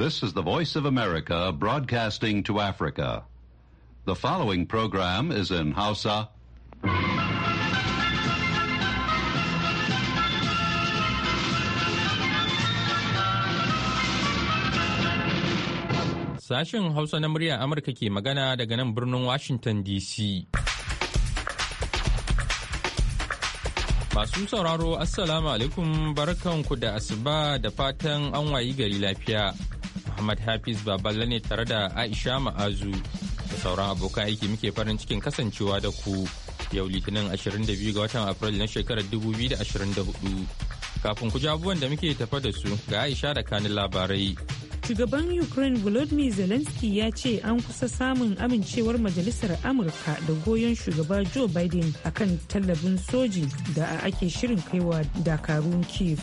This is the Voice of America broadcasting to Africa. The following program is in Hausa. Sashen Hausa na murya Amurka ke magana daga nan birnin Washington DC. Masu sauraro, Assalamu alaikum barkanku da asuba da fatan an wayi gari lafiya. ahmad Hafiz Baballe ne tare da Aisha Ma'azu da sauran abokan aiki muke farin cikin kasancewa da ku yau Litinin 22 ga watan Afrilu na shekarar 2024. Kafin ku jabuwan abubuwan da muke tafa da su ga Aisha da kanin labarai. Shugaban Ukraine Volodymyr Zelensky ya ce an kusa samun amincewar Majalisar Amurka da goyon shugaba Joe Biden akan tallabin soji da ake shirin kaiwa dakarun Kiev.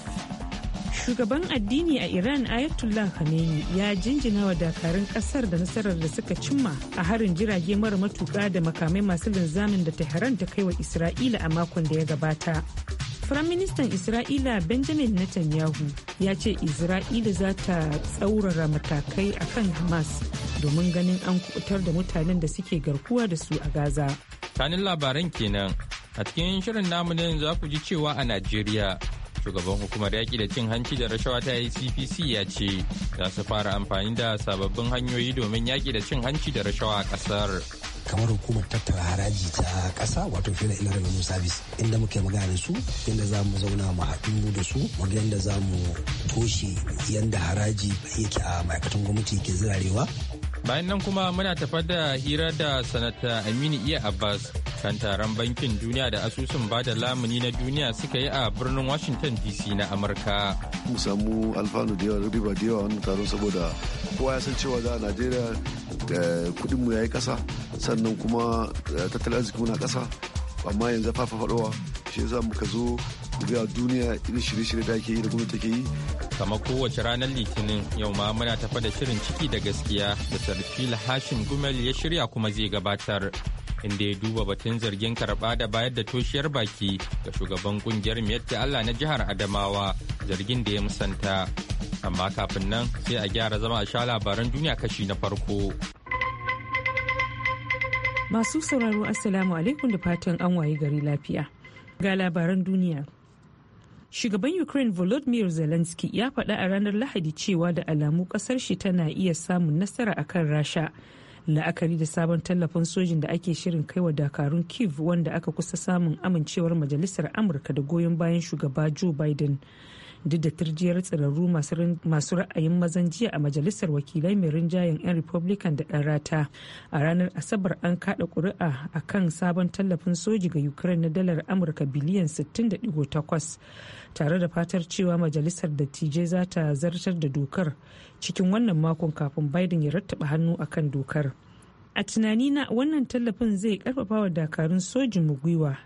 Shugaban addini a Iran Ayatollah Khamenei ya jinjina wa dakarun kasar da nasarar da suka cimma a harin jirage mara matuka da makamai masu linzamin da Tehran ta kai wa Isra'ila a makon da ya gabata. Firaministan Isra'ila Benjamin Netanyahu ya ce Isra'ila za ta tsaurara matakai a kan Hamas domin ganin an kubutar da mutanen da suke garkuwa da su a Gaza. tanin labaran kenan a cikin shirin namunin za ku ji cewa a Najeriya shugaban hukumar yaƙi da cin hanci da rashawa ta icpc ya ce za su fara amfani da sababbin hanyoyi domin yaƙi da cin hanci da rashawa a ƙasar kamar hukumar tattara haraji ta ƙasa wato fela ila revenue service inda muke magana da su inda za mu zauna ma haɗu mu da su mu ga za mu toshe yadda haraji yake a ma'aikatan gwamnati ke zirarewa Bayan nan kuma muna tafar da hira da sanata Aminu Iya Abbas kan taron bankin duniya da asusun bada lamuni na duniya suka yi a birnin Washington DC na Amurka. Mu samu alfanu da yawa riba da yawa wannan taron saboda kowa ya san cewa za a Najeriya eh, kudin mu yi kasa sannan kuma eh, tattalin arziki na kasa amma yanzu fafa faɗowa shi yasa muka zo ga duniya irin shirye-shirye da ake yi da gwamnati ke yi kamar kowace ranar Litinin yau ma muna tafa da shirin ciki da gaskiya da Sarfila Hashim Gumel ya shirya kuma zai gabatar. Inda ya duba batun zargin karɓa da bayar da toshiyar baki ga shugaban kungiyar Miyatta Allah na jihar Adamawa zargin da ya musanta. Amma kafin nan sai a gyara zama a sha labaran duniya kashi na farko. Masu sauraro Assalamu alaikum da fatan an wayi gari lafiya. Ga labaran duniya. Shugaban Ukraine Volodymyr Zelensky ya faɗa a ranar Lahadi cewa da alamu ƙasar shi tana iya samun nasara a kan Rasha. La'akari da sabon tallafin sojin da ake shirin kaiwa dakarun Kiev wanda aka kusa samun amincewar Majalisar Amurka da goyon bayan shugaba Joe Biden. duk da turjiyar tsirarru masu ra'ayin mazan jiya a majalisar wakilai mai rinjayen 'yan republican da ɗan rata a ranar asabar an kada ƙuri'a a kan sabon tallafin soji ga ukraine na dalar amurka biliyan 60.8 tare da fatar cewa majalisar dattijai za ta zartar da dokar cikin wannan makon kafin biden ya rattaba hannu akan dokar a tunanina wannan tallafin zai karfafa wa dakarun sojin mu gwiwa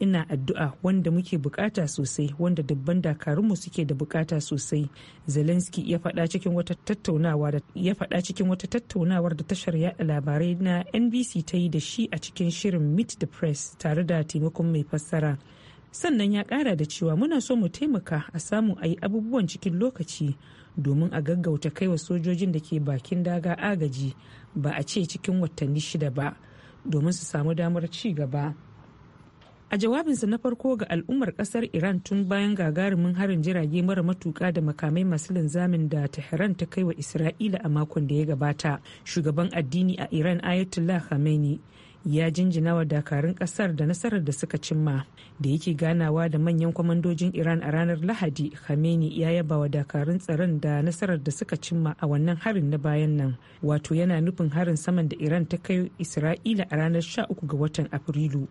ina addu'a wanda muke bukata sosai wanda dubban dakarunmu suke da bukata sosai zelensky ya faɗa cikin wata tattaunawa da ya faɗa cikin wata tattaunawar da tashar yada labarai na nbc ta yi da shi a cikin shirin meet the press tare da taimakon mai fassara sannan ya ƙara da cewa muna so mu taimaka a samu a yi abubuwan cikin lokaci domin a gaggauta kai wa sojojin da ke bakin daga agaji ba a ce cikin watanni shida ba domin su samu damar ci gaba. a jawabinsa na farko ga al'ummar kasar iran tun bayan gagarumin harin jirage mara matuka da makamai masu linzamin da tehran ta kai wa isra'ila a makon da ya gabata shugaban addini a iran ayatollah khamenei ya jinjina wa dakarun kasar da nasarar da suka cimma da yake ganawa da manyan kwamandojin iran a ranar lahadi khamenei ya yaba wa dakarun tsaron da nasarar da suka cimma a wannan harin na bayan nan wato yana nufin harin saman da iran ta kai isra'ila a ranar 13 ga watan afrilu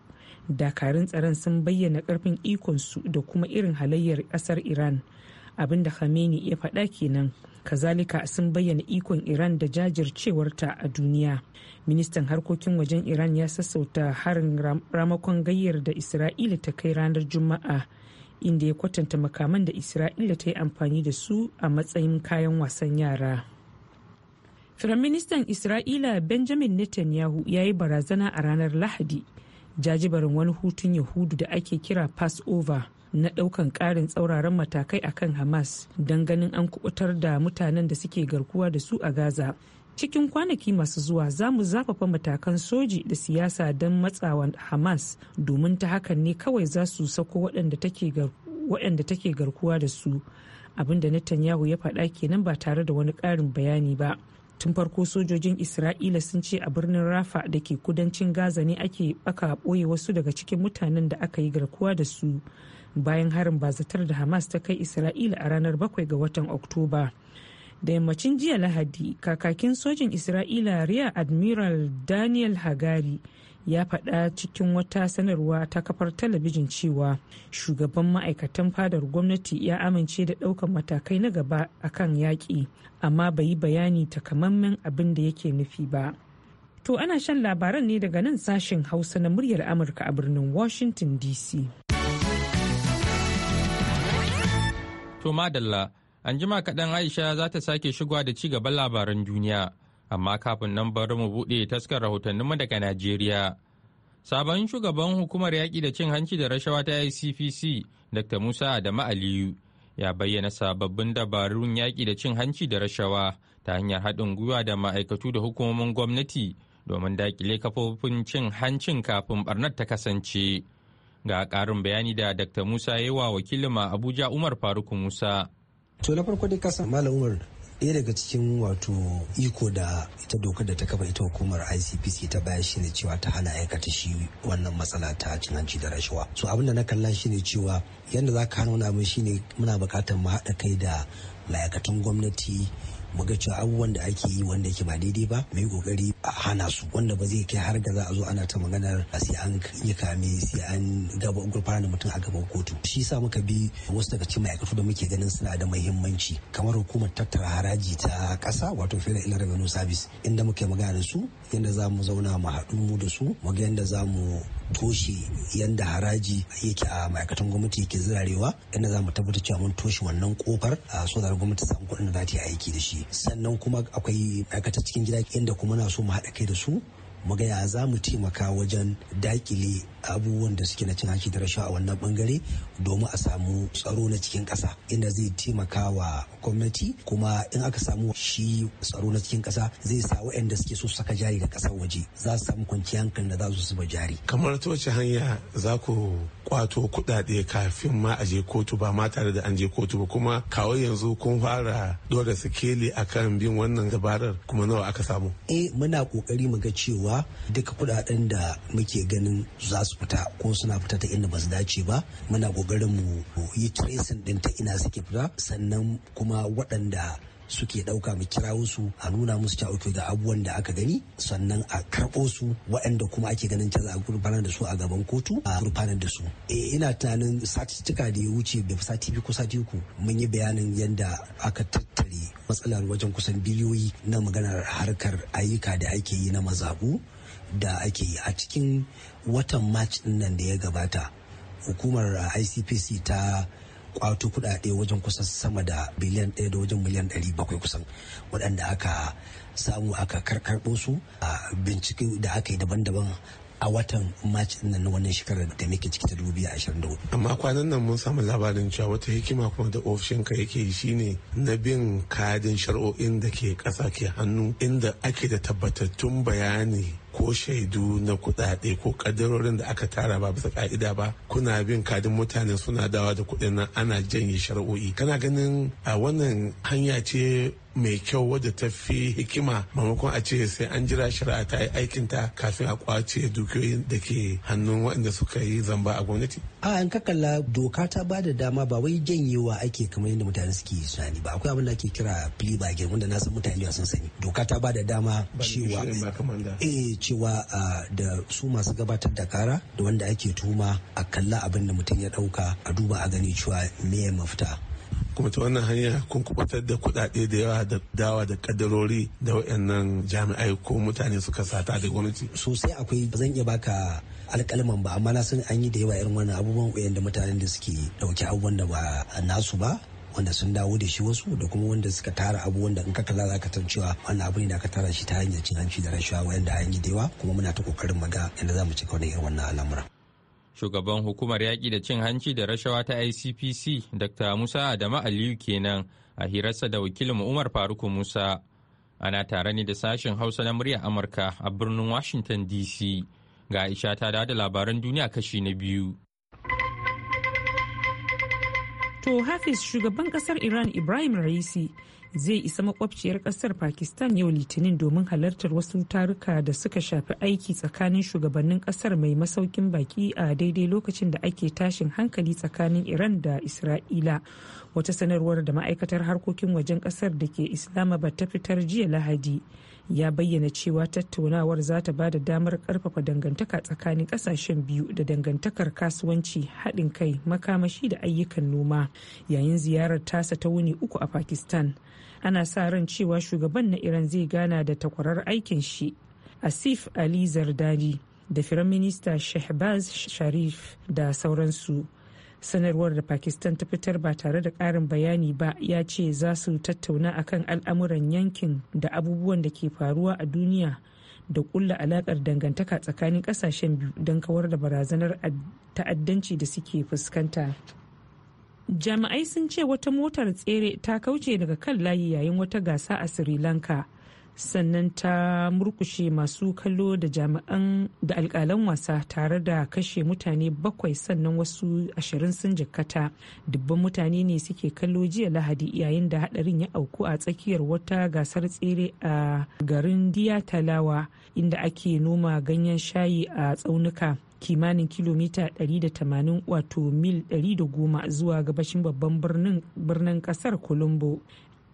dakarun tsaron sun bayyana karfin ikonsu da kuma irin halayyar kasar iran abinda khamenei ya faɗa kenan kazalika sun bayyana ikon iran da jajircewarta a duniya ministan harkokin wajen iran ya sassauta harin ramakon gayyar da isra'ila ta kai ranar juma'a inda ya kwatanta makaman da isra'ila ta yi amfani da su a matsayin kayan wasan yara firaministan isra'ila benjamin netanyahu ya yi barazana a ranar lahadi jajibarin wani hutun yahudu da ake kira passover na daukan karin tsauraran matakai a kan hamas don ganin an kubutar da mutanen da suke garkuwa da su a gaza cikin kwanaki masu zuwa za mu zafafa matakan soji da siyasa don matsawa hamas domin ta hakan ne kawai za su sako waɗanda take garkuwa da su abinda netanyahu ya faɗa kenan ba tare da wani ƙarin bayani ba tun farko sojojin isra'ila sun ce a birnin rafa da ke kudancin gaza ne ake baka ɓoye wasu daga cikin mutanen da aka yi garkuwa da su bayan harin bazatar da hamas ta kai isra'ila a ranar 7 ga watan oktoba da yammacin jiya lahadi kakakin sojin isra'ila riya admiral daniel hagari ya faɗa cikin wata sanarwa ta kafar talabijin cewa shugaban ma'aikatan fadar gwamnati ya amince da ɗaukar matakai na gaba a kan yaƙi amma bai yi bayani takamaiman abin da yake nufi ba to ana shan labaran ne daga nan sashen hausa na muryar amurka a birnin washington dc to madalla an jima kaɗan aisha za ta sake shigowa da ci gaban labaran duniya amma kafin nan bari mu buɗe taskar rahotanninmu daga Najeriya. Sabon shugaban hukumar yaƙi da cin hanci da rashawa ta ICPC, Dr. Musa Adamu Aliyu, ya bayyana sababbin dabarun yaƙi da cin hanci da rashawa ta hanyar haɗin gwiwa da ma'aikatu da hukumomin gwamnati domin daƙile kafofin cin hancin kafin barnar ta kasance. Ga ƙarin bayani da Dr. Musa ya yi wa wakilin Abuja Umar Faruk Musa. to na farko dai kasa malam umar ɗaya daga cikin wato iko da ita dokar da ta kafa ita hukumar icpc ta baya shine cewa ta hana aikata shi wannan matsala ta cinanci da rashawa so abin da na kalla shine cewa yadda za ka hana wani abin shine muna buƙatar mu haɗa kai da ma'aikatan gwamnati mu ga cewa abubuwan da ake yi wanda yake ba daidai ba mai yi kokari a hana su wanda ba zai kai har ga za a zo ana ta maganar sai an yi kame sai an gaba gurfana mutum a gaban kotu shi sa muka bi wasu daga cikin ma'aikatu da muke ganin suna da muhimmanci kamar hukumar tattara haraji ta ƙasa wato federal revenue service inda muke magana da su yadda za mu zauna mu haɗu mu da su mu ga yadda za mu toshe yadda haraji yake a ma'aikatan gwamnati yake zirarewa yadda za mu tabbatar cewa mun toshe wannan kofar a ah, so da gwamnati samu kuɗin da za ta yi aiki da shi sannan kuma akwai ma'aikatan cikin gida yadda kuma na so mu haɗa kai da su mu ga ya za mu taimaka wajen daƙile. abubuwan da suke na cin hanci da rashawa a wannan bangare domin a samu tsaro na cikin kasa inda zai taimaka wa gwamnati kuma in aka samu shi tsaro na cikin ƙasa zai sa waɗanda suke so saka jari da ƙasar waje za su samu kwanciyar hankali da za su zuba jari. kamar ta wace hanya za ku kwato kuɗaɗe kafin ma a je kotu ba ma tare da an je kotu ba kuma kawo yanzu kun fara dora sikeli akan bin wannan dabarar kuma nawa aka samu. eh muna kokari mu ga cewa duka kuɗaɗen da muke ganin za su fita ko suna fita ta inda ba su dace ba muna gogarin mu yi tracing din ta ina suke fita sannan kuma waɗanda suke ɗauka mu kirawo su a nuna musu cewa da abubuwan da aka gani sannan a karɓo su waɗanda kuma ake ganin caza a gurfanar da su a gaban kotu a gurfanar da su e ina tunanin satistika da ya wuce da sati biyu ko sati uku mun yi bayanin yadda aka tattare matsalar wajen kusan biliyoyi na maganar harkar ayyuka da ake yi na mazabu da ake yi a cikin watan march din nan da ya gabata hukumar uh, icpc ta kwato kudade wajen kusan sama da biliyan ɗaya da wajen miliyan ɗari bakwai kusan waɗanda aka samu aka karkarɓo su a bincike da aka yi daban-daban a watan march nan na wannan shekarar da muke ciki ta 2024 amma kwanan nan mun samu labarin cewa wata hikima kuma da ofishinka yake yi shine na bin kadin shari'o'in da ke ƙasa ke hannu inda ake da tabbatattun bayani ko shaidu na kuɗaɗe ko ƙaddarorin da aka tara ba bisa ka'ida ba kuna bin kadin mutane suna dawa da kuɗin nan ana janye shari'o'i kana ganin a wannan hanya ce mai kyau wadda ta fi hikima maimakon a ce sai an jira shari'a ta yi aikinta kafin a kwace dukiyoyin da ke hannun waɗanda suka yi zamba a gwamnati. a an kakalla doka ta ba da dama ba wai janyewa ake kamar yadda mutane suke tunani ba akwai abin da ake kira plea ba wanda na san mutane da sun sani doka ta ba da dama cewa eh cewa da su masu gabatar da kara da wanda ake tuma a kalla abin da mutum ya ɗauka a duba a gani cewa me mafita kuma ta wannan hanya kun kubutar da kuɗaɗe da yawa da dawa da kadarori da wayannan jami'ai ko mutane suka sata da gwamnati sosai akwai zan iya baka alkalman ba amma na san an yi da yawa irin wannan abubuwan wayan da mutanen da suke ɗauki abubuwan da ba nasu ba wanda sun dawo da shi wasu da kuma wanda suka tara abubuwan da in ka kalla za ka san cewa wannan abu ne da aka tara shi ta hanyar cin hanci da rashawa da an yi da yawa kuma muna ta kokarin maga yadda za mu cika wani irin wannan alamuran. shugaban hukumar yaƙi da cin hanci da rashawa ta icpc dr musa adamu aliyu kenan a hirarsa da wakilin umar faruk musa ana tare ne da sashen hausa na muryar amurka a birnin washington dc ga aisha ta da labaran duniya kashi na biyu to hafiz shugaban kasar iran ibrahim raisi zai isa makwabciyar kasar pakistan yau litinin domin halartar wasu taruka da suka shafi aiki tsakanin shugabannin kasar mai masaukin baki a daidai lokacin da ake tashin hankali tsakanin iran da isra'ila wata sanarwar da ma'aikatar harkokin wajen kasar da ke islamabad ta fitar jiya lahadi ya bayyana cewa tattaunawar za ta da damar karfafa dangantaka tsakanin kasashen biyu da dangantakar kasuwanci haɗin kai makamashi da ayyukan noma yayin ziyarar tasa ta wuni uku a pakistan ana sa ran cewa shugaban na iran zai gana da takwarar aikin shi asif ali zardari da firaminista shehbaz sharif da sauransu sanarwar da pakistan ta fitar ba tare da karin bayani ba ya ce za su tattauna akan al'amuran yankin da abubuwan da ke faruwa a duniya da kulla alakar dangantaka tsakanin kasashen biyu don kawar da barazanar ta'addanci da suke fuskanta jami'ai sun ce wata motar tsere ta kauce daga kan layi yayin wata gasa a sri lanka sannan ta murkushe masu kallo da jami'an da alkalan wasa tare da kashe mutane bakwai sannan wasu ashirin sun jikkata dubban mutane ne suke kallo jiya lahadi yayin da hadarin ya auku a tsakiyar wata gasar tsere a garin diya talawa inda ake noma ganyen shayi a tsaunuka kimanin kilomita 180 wato mil 110 zuwa gabashin babban birnin kasar colombo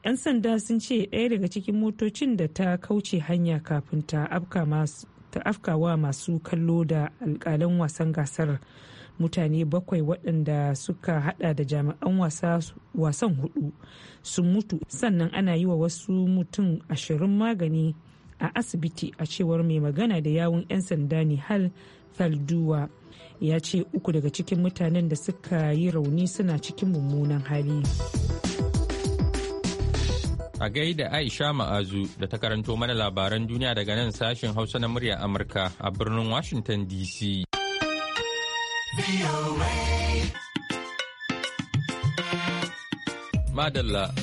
'yan sanda sun ce ɗaya daga cikin motocin da ta kauce hanya kafin ta afkawa masu kallo da alkalan wasan gasar mutane bakwai waɗanda suka hada da jami'an wasan hudu sun mutu sannan ana yi wa wasu mutum ashirin magani a asibiti a cewar mai magana da yawun 'yan sanda ne hal falduwa ya ce uku daga cikin mutanen da suka yi rauni suna cikin mummunan hali a gaida aisha ma'azu da ta karanto mana labaran duniya daga nan sashen hausa na murya amurka a birnin washington dc madalla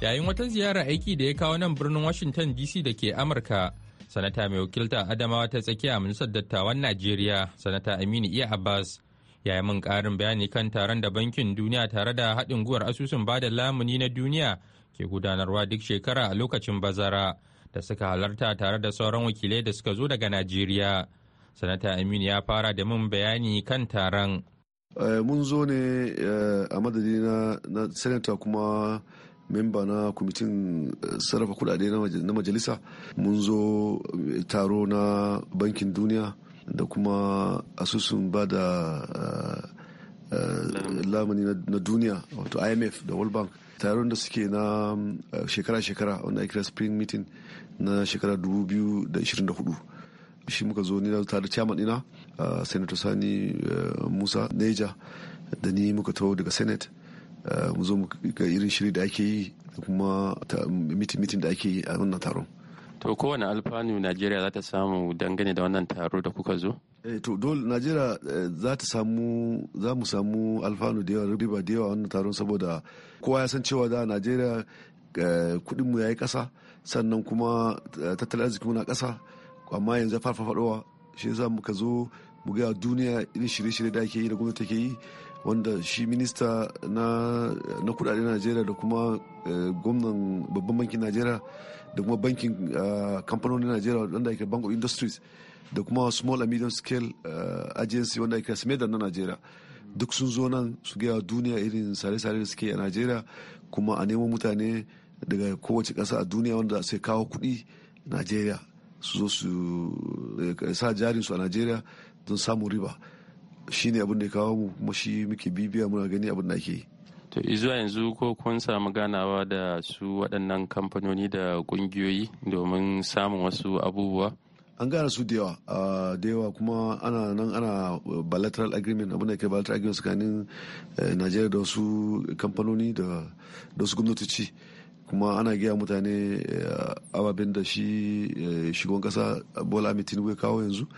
yayin wata ziyara aiki da ya kawo nan birnin washington dc da ke amurka sanata mai wakilta adamawa ta tsakiya a dattawan najeriya sanata aminu iya e. abbas ya yi min karin bayani kan taron da bankin duniya tare da haɗin gwiwar asusun bada lamuni na duniya ke gudanarwa duk shekara a lokacin bazara da suka halarta tare da sauran wakilai da suka zo daga najeriya sanata aminu ya fara da min bayani kan taron eh, mun zo ne eh, a madadi na senator kuma memba na kwamitin eh, sarrafa kudade na majalisa mun zo eh, taro na bankin duniya da kuma asusun ba da eh, lamuni na duniya wato imf da world bank taron da suke na shekara-shekara wanda ake spring meeting na shekara 2024 shi muka zo ni na tare chairman ina. senator sani musa neja da ni muka taho daga senate Eh, mu zo mu ga irin shiri da ake yi da kuma mitin da ake yi a wannan taron to kowane alfanu najeriya za ta samu dangane da wannan taro da kuka zo eh, to dole najeriya eh, za ta samu za mu samu alfanu da yawa riba da yawa wannan taron saboda kowa ya san cewa da najeriya kudinmu ya yi kasa sannan kuma tattalin arziki na kasa amma yanzu ya faɗowa shi yasa muka zo mu ga duniya irin shirye-shirye da ake yi da gwamnati take yi wanda shi minista na, na kudade najeriya da kuma eh, gwamnan babban bankin najeriya da kuma bankin ah, kamfanonin najeriya wanda ake bank of industries da kuma small and medium scale eh, agency wanda ake smeda na najeriya duk sun zo nan su gaya duniya irin sare-sare da suke a najeriya kuma a nemo mutane daga kowace ƙasa a duniya wanda sai kawo kuɗi najeriya su zo su eh, sa jarinsu a najeriya don samun riba shi ne abin da ya kawo mu kuma shi muke bibiya muna gani abin da ake yi to zuwa yanzu ko kun samu ganawa da su waɗannan kamfanoni da ƙungiyoyi domin samun wasu abubuwa an gane su da yawa da yawa kuma ana nan ana bilateral agreement abin da ke bilateral agreement tsakanin eh, najeriya da wasu kamfanoni da wasu gwamnatoci kuma ana gaya mutane eh, ababen da shi eh, shugaban kasa bola tinubu ya kawo yanzu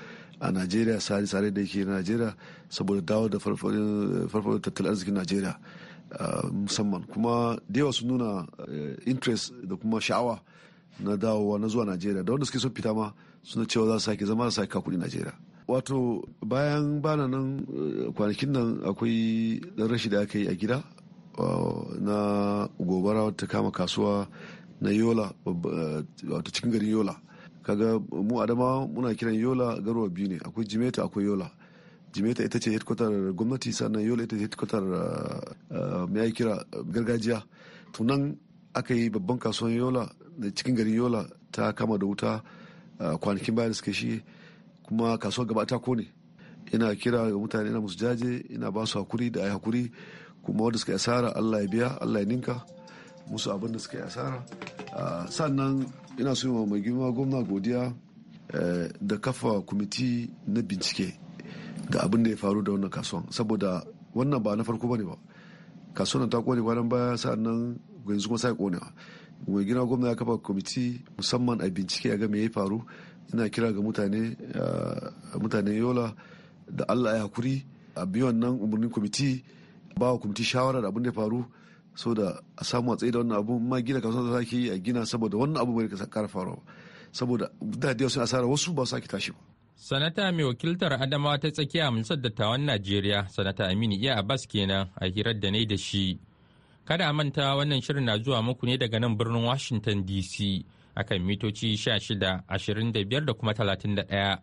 a najeriya sare da yake najeriya saboda dawo da farfaɗo tattalin arzikin najeriya musamman kuma da yawa sun nuna eh, interest da kuma sha'awa na dawowa na zuwa najeriya da wanda suke son fita ma suna cewa za su sake zama su sake kakuri najeriya wato bayan bana nan eh, kwanakin nan akwai rashi da aka yi a gida na gobara ta kama kasuwa na yola eh, wato cikin garin yola kaga mu dama muna kiran yola garuwa biyu ne akwai jimeta akwai yola jimeta ita ce headquarter gwamnati sannan yola ita ce headquarter ah, mai kira gargajiya to nan aka yi babban kasuwan yola da cikin garin yola ta kama da wuta ah, kwanakin bayan suka shi kuma kasuwar gaba ta kone ina kira ga mutane na musu jaje ina ba su hakuri da ai hakuri kuma wanda suka asara allah ya biya allah ya ninka musu abin da suka asara ah, sannan ina so ma mai girma gwamna godiya eh, da kafa kwamiti na bincike ga abin da ya faru da wannan kasuwan saboda wannan ba na farko ne ba kasuwan ta kone kwanan baya sa'an nan yanzu kuma sai konewa mai gina gwamna ya kafa kwamiti musamman a bincike a ga me ya faru ina kira ga mutane eh, yola da allah ya hakuri a biyu wannan umarnin kwamiti ba wa kwamiti shawarar abin da ya faru so da a samu a tsaye da wannan abu ma gina kasuwa da zaki a gina saboda wannan abu bai kara faruwa saboda da da sun asara wasu ba su sake tashi ba sanata mai wakiltar adamawa ta tsakiya majalisar dattawan najeriya sanata aminu iya abbas kenan a hirar da ne da shi kada a manta wannan shirin na zuwa muku ne daga nan birnin washington dc akan mitoci 16 25 da kuma 31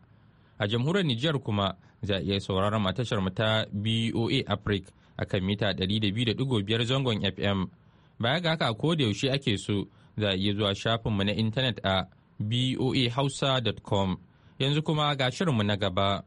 a jamhuriyar nijar kuma za a iya sauraron matashar mu ta boa africa a kan mita 102.5 zangon FM. Baya ga haka ko da yaushe ake so za a iya zuwa shafinmu na intanet a boahausa.com. Yanzu kuma ga shirinmu na gaba.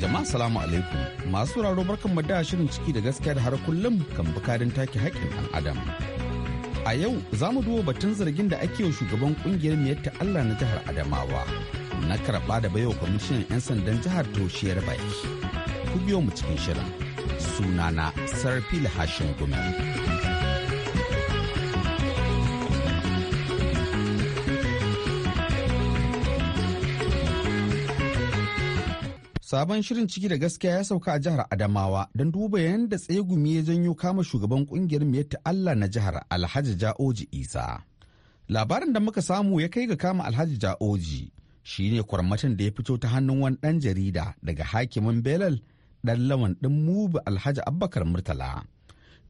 Jama'a salamu alaikum masu raro barkan da shirin ciki da gaskiya da har kullum kan bukadin take haƙƙin ɗan adam. A yau za mu duba batun zargin da ake wa shugaban kungiyar miyatta Allah na jihar Adamawa na karɓa da baiwa kwamishinan 'yan sandan jihar toshiyar baki. Ku biyo mu cikin shirin. Sunana Sarfil Hashim Gumi. Sabon shirin ciki da gaskiya ya sauka a jihar Adamawa don duba yadda tsegumi ya janyo kama shugaban kungiyar ta Allah na jihar Alhaji Ja'oji Isa. Labarin da muka samu ya kai ga kama Alhaji Ja'oji shi ne kwarmatin da ya fito ta hannun wani ɗan jarida daga hakimin Belal ɗan lawan ɗin Mubi Alhaji Abbakar Murtala.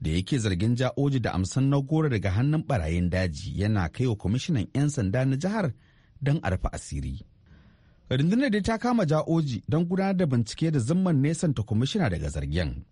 Da yake zargin Ja'oji da amsan na goro daga hannun barayin daji yana kai wa kwamishinan 'yan sanda na jihar don arfa asiri. rundunar dai ta kama ja'oji don gudanar da bincike da zimman nesanta kwamishina daga zargen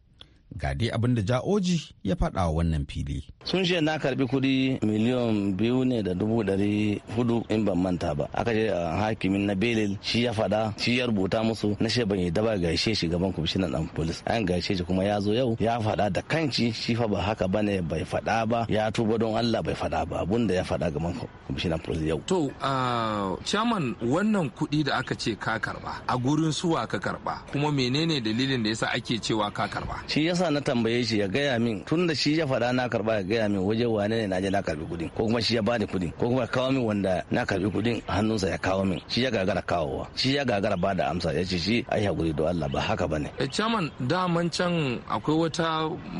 ga dai abin da ja'oji ya faɗa wa wannan fili. sun ce na karbi kuɗi miliyan biyu ne da dubu ɗari hudu in ban manta ba aka je a ah, hakimin na belil shi ya faɗa shi ya rubuta musu na shi ban daba ga gaishe shi gaban kwamishinan dan polis an gaishe shi kuma ya zo yau ya faɗa da kanci shi fa ba haka ba ne bai faɗa ba ya tuba don allah bai faɗa ba abun da ya faɗa gaban kwamishinan polis yau. to ah, chairman wannan kudi da aka ce ka karba a gurin suwa ka karba kuma menene dalilin da yasa ake cewa ka karba. sa na tambaye shi ya gaya min tun da shi ya faɗa na karɓa ya gaya min waje wane ne na je na karɓi kuɗin ko kuma shi ya bani kuɗin ko kuma kawo min wanda na karɓi kuɗin hannunsa ya kawo min shi ya gagara kawowa shi ya gagara ba da amsa ya ce shi ai hakuri do Allah ba haka bane. Eh, Chairman daman can akwai wata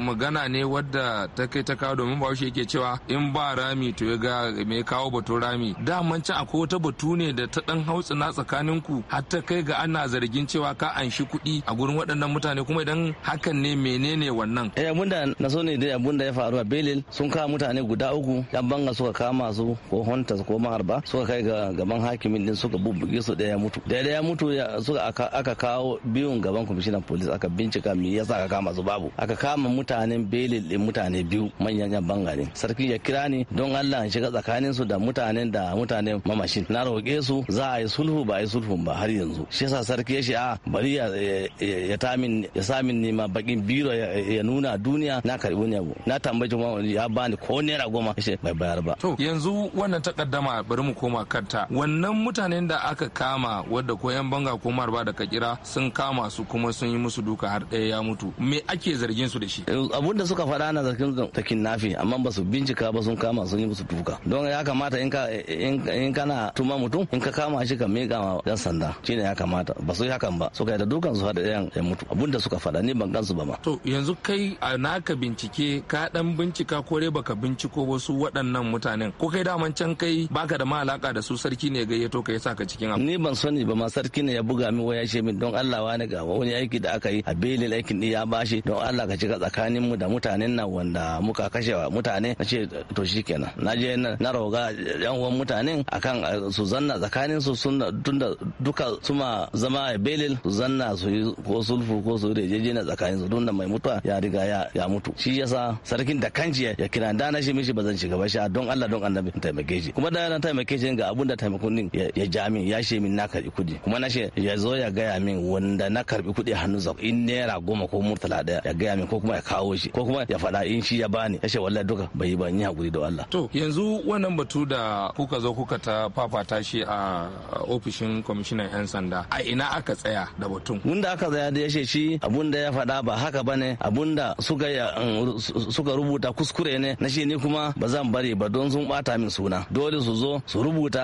magana ne wadda ta kai ta kawo domin bahaushe yake cewa in ba rami to ya ga me kawo batun rami daman can akwai wata batu ne da ta dan hautsina tsakanin ku har ta kai ga ana zargin cewa ka anshi kuɗi a gurin waɗannan mutane kuma idan hakan ne mene menene wannan eh abunda na so ne dai abunda ya faru a belil sun kama mutane guda uku yan banga suka kama su ko honta ko maharba suka kai ga gaban hakimin din suka bubbuge su daya mutu daya daya mutu suka aka kawo biyun gaban kwamishinan polis aka bincika me yasa aka kama su babu aka kama mutanen belil din mutane biyu manyan yan banga ne sarki ya kira ni don Allah ya shiga tsakanin su da mutanen da mutanen mamashin na roƙe su za a yi sulhu ba a yi sulhu ba har yanzu shi yasa sarki ya shi a ah, bari ya tamin ya samin nema bakin biro ya nuna duniya na karbi ne abu na tambaye kuma ya bani ko naira goma shi bai bayar ba to yanzu wannan takaddama bari mu koma kanta wannan mutanen da aka kama wadda ko yan banga ko marba da kakira sun kama su kuma sun yi musu duka har ɗaya ya mutu me ake zargin su da shi eh, abun da suka faɗa na zargin ta kinnafi amma ba su bincika ba sun kama sun yi musu duka don ya kamata in ka in kana tuma mutum in ka kama shi ka miƙa ma yan sanda shine ya kamata ba su yi hakan ba suka yi da dukan su har ɗayan ya mutu abun da suka faɗa ni ban kansu ba ma to yanzu kai a naka bincike ka dan bincika ko dai baka binciko wasu waɗannan mutanen ko kai daman can kai baka da ma alaka da su sarki ne gayyato kai saka cikin abu ni ban sani ba ma sarki ne ya buga min waya shi min don Allah wani ga wani aiki da aka yi a belin aikin din ya bashi don Allah ka shiga tsakanin mu da mutanen nan wanda muka kashe mutane na ce to shikenan na je na roga yan uwan mutanen akan su zanna tsakanin su sun tunda duka suma zama a belil su zanna su yi ko sulfu ko su rejeje na tsakanin su tunda mai sarauta ya riga ya ya mutu shi yasa sarkin da kanji ya kira da na shi mishi bazan shiga ba sha don Allah don annabi taimake shi kuma da na taimake shi ga abun da taimakon din ya ja min ya she min na karbi kudi kuma na she ya zo ya gaya min wanda na karbi kudi hannu sa in naira goma ko murtala daya ya gaya min ko kuma ya kawo shi ko kuma ya faɗa in shi ya bani ya she wallahi duka bai ba ni hakuri da Allah to yanzu wannan batu da kuka zo kuka ta fafata shi a ofishin commissioner yan sanda a ina aka tsaya da batun wanda aka tsaya da ya she shi abun da ya faɗa ba haka ba ne abunda suka mm, suka rubuta kuskure ne na shi ni kuma ba zan bari ba don sun bata min suna dole su zo su rubuta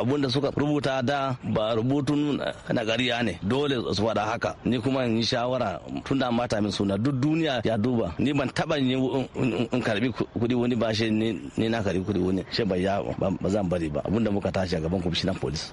abunda suka rubuta da ba rubutun eh, na gariya ne dole su faɗa haka ni kuma in yi shawara tunda da mata min suna duk duniya ya duba ni ban taba yi in karbi kudi wani ba shi ni na karbi kudi wani shi ba zan bari ba abunda muka tashi a gaban kwamishinan polis.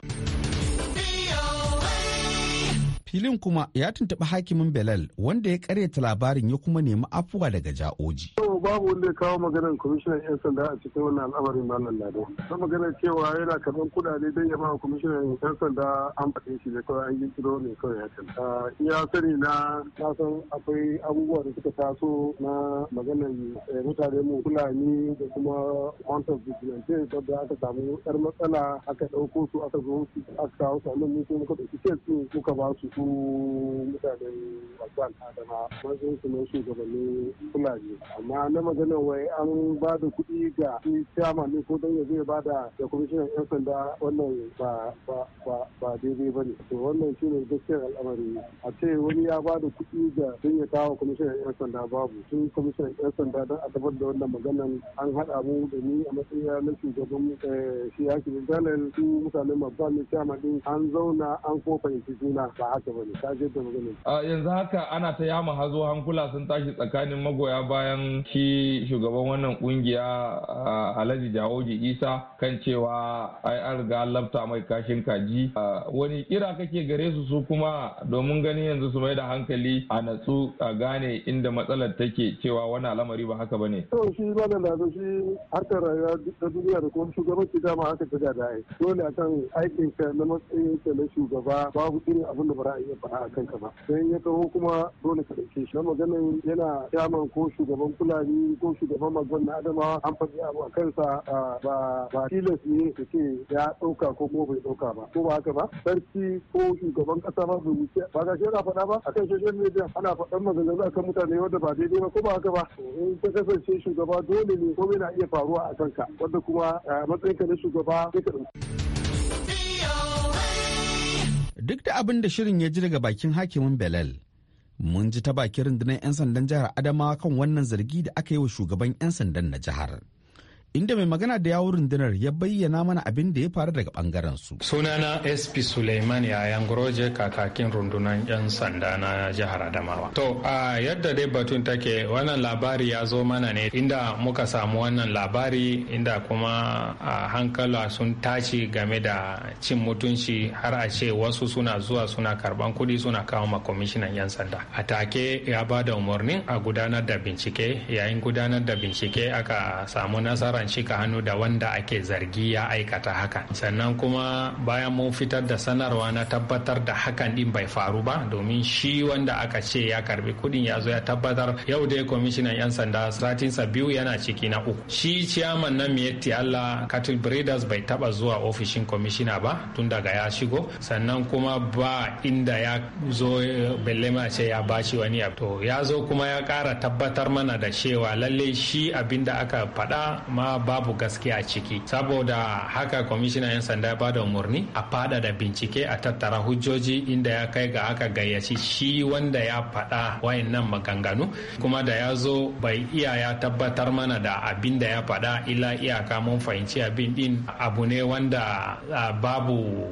Filin kuma ya tuntuɓi hakimin belal wanda ya karyata labarin ya kuma nemi afuwa daga ja'oji. mu babu wanda ya kawo maganar kwamishinan 'yan sanda a cikin wannan al'amarin malam lado ta maganar cewa yana karɓar kuɗaɗe don ya ba kwamishinan 'yan sanda an faɗe shi ne kawai an yi kiro ne kawai ya kan ah, iya sani na na san akwai abubuwa da suka taso na maganar eh, mutane mu fulani da kuma wantan vigilante da aka samu yar matsala aka ɗauko su aka zo su aka kawo su nan mutum muka ɗauki kes su muka ba su su mutanen wasu al'adama wajen su ne shugabanni fulani amma na magana wai an ba da kuɗi ga shi chairman ne ko don ya zai ba da da kwamishinan 'yan sanda wannan ba ba daidai ba ne to wannan shi ne gaskiyar al'amari a ce wani ya ba da kuɗi ga don ya kawo kwamishinan 'yan sanda babu sun kwamishinan 'yan sanda don a tabbatar da wannan maganan an haɗa mu da ni a matsayi na shugaban eh, shi ya ke janar su mutanen babban ne chairman din an zauna an ko fahimci juna ba haka ba ne ka je da maganin. yanzu haka ana ta yama hazo hankula sun tashi tsakanin magoya bayan shi shugaban wannan kungiya alhaji jawoji isa kan cewa ai an riga lafta mai kashin kaji wani kira kake gare su su kuma domin ganin yanzu su mai da hankali a natsu a gane inda matsalar take cewa wani alamari ba haka bane to shi ba da shi harkar rayuwa ta duniya da kuma ki dama haka ta gada ai dole akan aikin ka na matsayin ka na shugaba babu irin abin da ba za a iya faɗa a kanka ba dan ya kawo kuma dole ka dauke shi na maganin yana kyaman ko shugaban kula fulani ko shugaban magwan na adama an faɗi abu a kansa ba ba tilas ne su ce ya ɗauka ko kuma bai ɗauka ba ko ba haka ba sarki ko shugaban ƙasa ba bai wuce ba ga shi ana faɗa ba kan social media ana faɗan maganganu akan mutane wanda ba daidai ba ko ba haka ba in ta kasance shugaba dole ne komai na iya faruwa a kanka wanda kuma matsayinka na shugaba sai ka Duk da abin da shirin ya ji daga bakin hakimin Belal, mun ji ta bakin rundunar 'yan sandan jihar adamawa kan wannan zargi da aka yi wa shugaban 'yan sandan na jihar inda mai magana da yawon rundunar ya bayyana mana abin da ya faru daga bangaren su. Sunana SP Suleiman Yayan Groje kakakin rundunar 'yan sanda na jihar Adamawa. To a yadda dai batun take wannan labari ya zo mana ne inda muka samu wannan labari inda kuma a hankala sun tashi game da cin mutunci har a ce wasu suna zuwa suna karban kuɗi suna kawo ma kwamishinan 'yan sanda. A take ya bada da umarnin a gudanar da bincike yayin gudanar da bincike aka samu nasara an shika hannu da wanda ake zargi ya aikata hakan sannan kuma bayan mun fitar da sanarwa na tabbatar da hakan din bai faru ba domin shi wanda aka ce ya karbi kudin ya zo ya tabbatar yau dai kwamishinan yan sanda satinsa biyu yana ciki na uku shi ciyaman na miyetti allah cattle breeders bai taba zuwa ofishin kwamishina ba tun daga ya shigo sannan kuma ba inda ya zo bellema ce ya bashi wani abu to ya zo kuma ya kara tabbatar mana da cewa lallai shi abinda aka faɗa ma babu gaskiya a ciki saboda haka kwamishinan 'yan sanda ya bada umarni a fada da bincike a tattara hujjoji inda ya kai ga aka gayyaci shi wanda ya faɗa wayannan maganganu kuma da ya zo bai iya ya tabbatar mana da abin da ya faɗa ila iyaka mun fahimci abin din abu ne wanda babu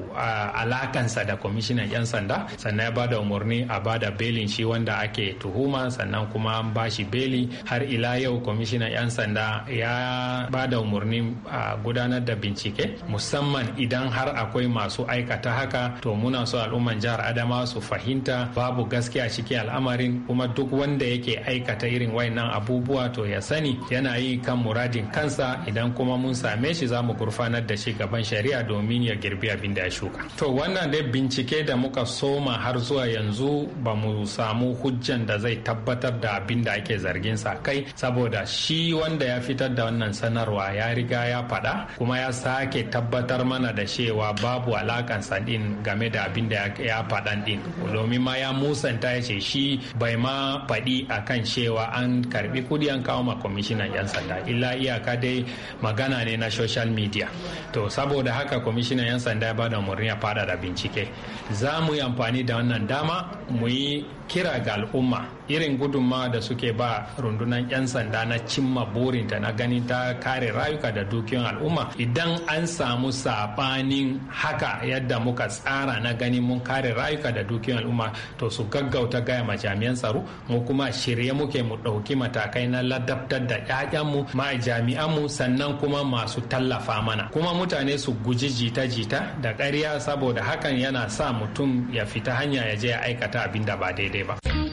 alakansa da kwamishinan 'yan sanda sannan ya bada umarni a bada belin shi wanda ake tuhuma sannan kuma an bashi beli har ila yau kwamishinan 'yan sanda ya ba da umarni a gudanar da bincike musamman idan har akwai masu aikata haka to muna so al'umman jihar adama su fahimta babu gaskiya cikin al'amarin kuma duk wanda yake aikata irin wayannan abubuwa to ya sani yana yi kan muradin kansa idan kuma mun same shi za mu gurfanar da shi gaban shari'a domin ya girbi abin da ya shuka to wannan dai bincike da muka soma har zuwa yanzu ba mu samu hujjan da zai tabbatar da abin da ake zargin sa kai saboda shi wanda ya fitar da wannan sanar sanarwa ya riga ya faɗa kuma ya sake tabbatar mana da cewa babu alakan sandin game da abin da ya faɗan din domin ma ya musanta ya ce shi bai ma faɗi akan cewa an karbi kudi an kawo ma kwamishinan 'yan sanda illa iyaka dai magana ne na social media to saboda haka kwamishinan 'yan sanda ya bada umarni ya fada da bincike za mu yi amfani da wannan dama mu yi kira ga al'umma irin gudunma da suke ba rundunar 'yan sanda na cimma burinta na gani ta kare rayuka da dukiyoyin al'umma idan an samu sabanin haka yadda muka tsara na gani mun kare rayuka da dukiyoyin al'umma to su gaggauta gaya ma jami'an tsaro mu kuma shirye muke mu ɗauki matakai na ladabtar da 'ya'yanmu ma jami'anmu sannan kuma masu tallafa mana kuma mutane su guji jita-jita da ƙarya saboda hakan yana sa mutum ya fita hanya ya je ya aikata abin da ba daidai ne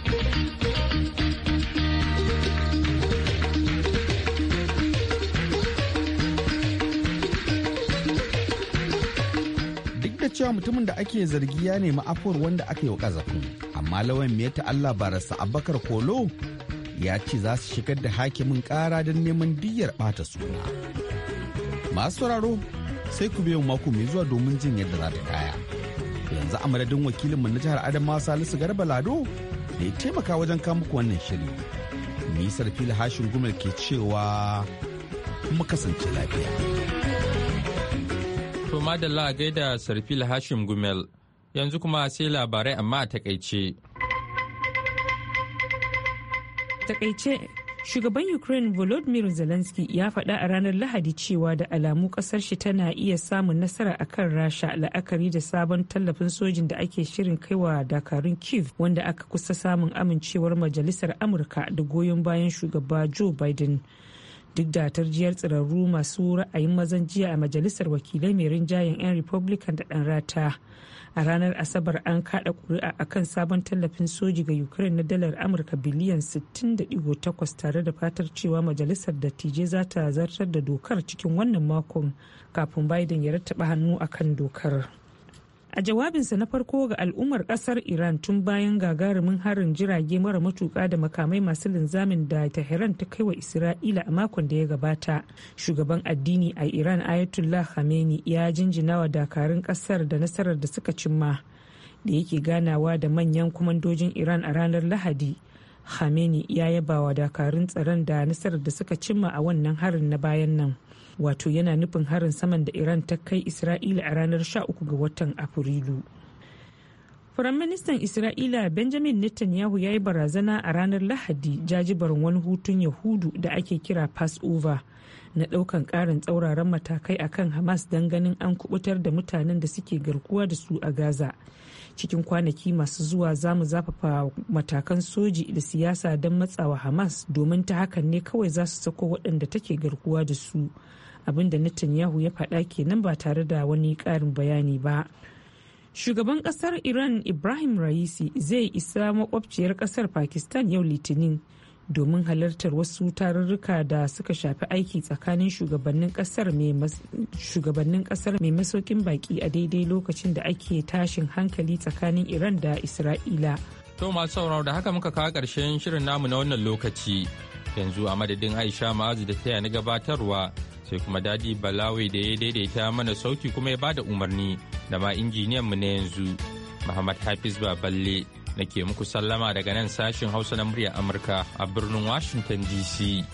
Duk da cewa mutumin da ake zargi ya nemi afuwar wanda aka yi wa amma lawan ta Allah barasa abakar kolo ya ce za su shigar da hakimin ƙara don neman diyyar ɓata suna masu sauraro sai ku biyan mako mai zuwa domin jin yadda za ta kaya yanzu a madadin wakilinmu na jihar adamawa salisu garba lado da ya taimaka wajen muku wannan shiri nisar fili hashin gumel ke cewa mu kasance lafiya to madalla gaida sarfil hashim gumel yanzu kuma sai labarai amma a takaice takaice Shugaban Ukraine Volodymyr Zelensky ya faɗa a ranar Lahadi cewa da alamu ƙasar shi tana iya samun nasara a kan Rasha la'akari da sabon tallafin sojin da ake shirin kaiwa dakarun Kiev wanda aka kusa samun amincewar Majalisar Amurka da goyon bayan shugaba Joe Biden. duk da tarjiyar tsirarru masu ra'ayin mazan jiya a majalisar wakilai mai rinjayen 'yan republican da ɗan rata a ranar asabar an kada kuri'a akan sabon tallafin soji ga ukraine na dalar amurka biliyan 60.8 tare da fatar cewa majalisar dattijai za ta zartar da dokar cikin wannan makon kafin biden ya rattaba hannu akan dokar a jawabinsa na farko ga al'ummar kasar iran tun bayan gagarumin harin jirage mara matuka da makamai masu linzamin da tehran ta kai wa isra'ila a makon da ya gabata shugaban addini a iran ayatollah khamenei ya jinjina wa dakarun kasar da nasarar da suka cimma da yake ganawa da manyan kwamandojin iran a ranar lahadi khamenei ya yaba wa dakarun tsaron da nasarar da suka cimma a wannan harin na bayan nan wato yana nufin harin saman da iran ta kai isra'ila a ranar 13 ga watan afrilu Firaministan Isra'ila Benjamin Netanyahu ya yi barazana a ranar Lahadi jajibarin wani hutun Yahudu da ake kira Passover na ɗaukan ƙarin tsauraran matakai a kan Hamas don ganin an kubutar da mutanen da suke garkuwa da su a Gaza. Cikin kwanaki masu zuwa za mu zafafa matakan soji da siyasa don matsawa Hamas domin ta hakan ne kawai za su sako waɗanda take garkuwa da su. da netanyahu ya faɗa kenan ba tare da wani ƙarin bayani ba shugaban ƙasar iran ibrahim raisi zai isa makwabciyar ƙasar pakistan yau litinin domin halartar wasu tarurruka da suka shafi aiki tsakanin shugabannin ƙasar mai masaukin baƙi a daidai lokacin da ake tashin hankali tsakanin iran da isra'ila to masu sauraro da haka muka kawo ƙarshen shirin namu na wannan lokaci yanzu a madadin aisha ma'azu da taya na gabatarwa sai kuma dadi balawai da ya daidaita mana sauti kuma ya bada umarni da ma injiniyan mu na yanzu muhammad hafiz baballe na ke muku sallama daga nan sashin hausa na muryar amurka a birnin washington dc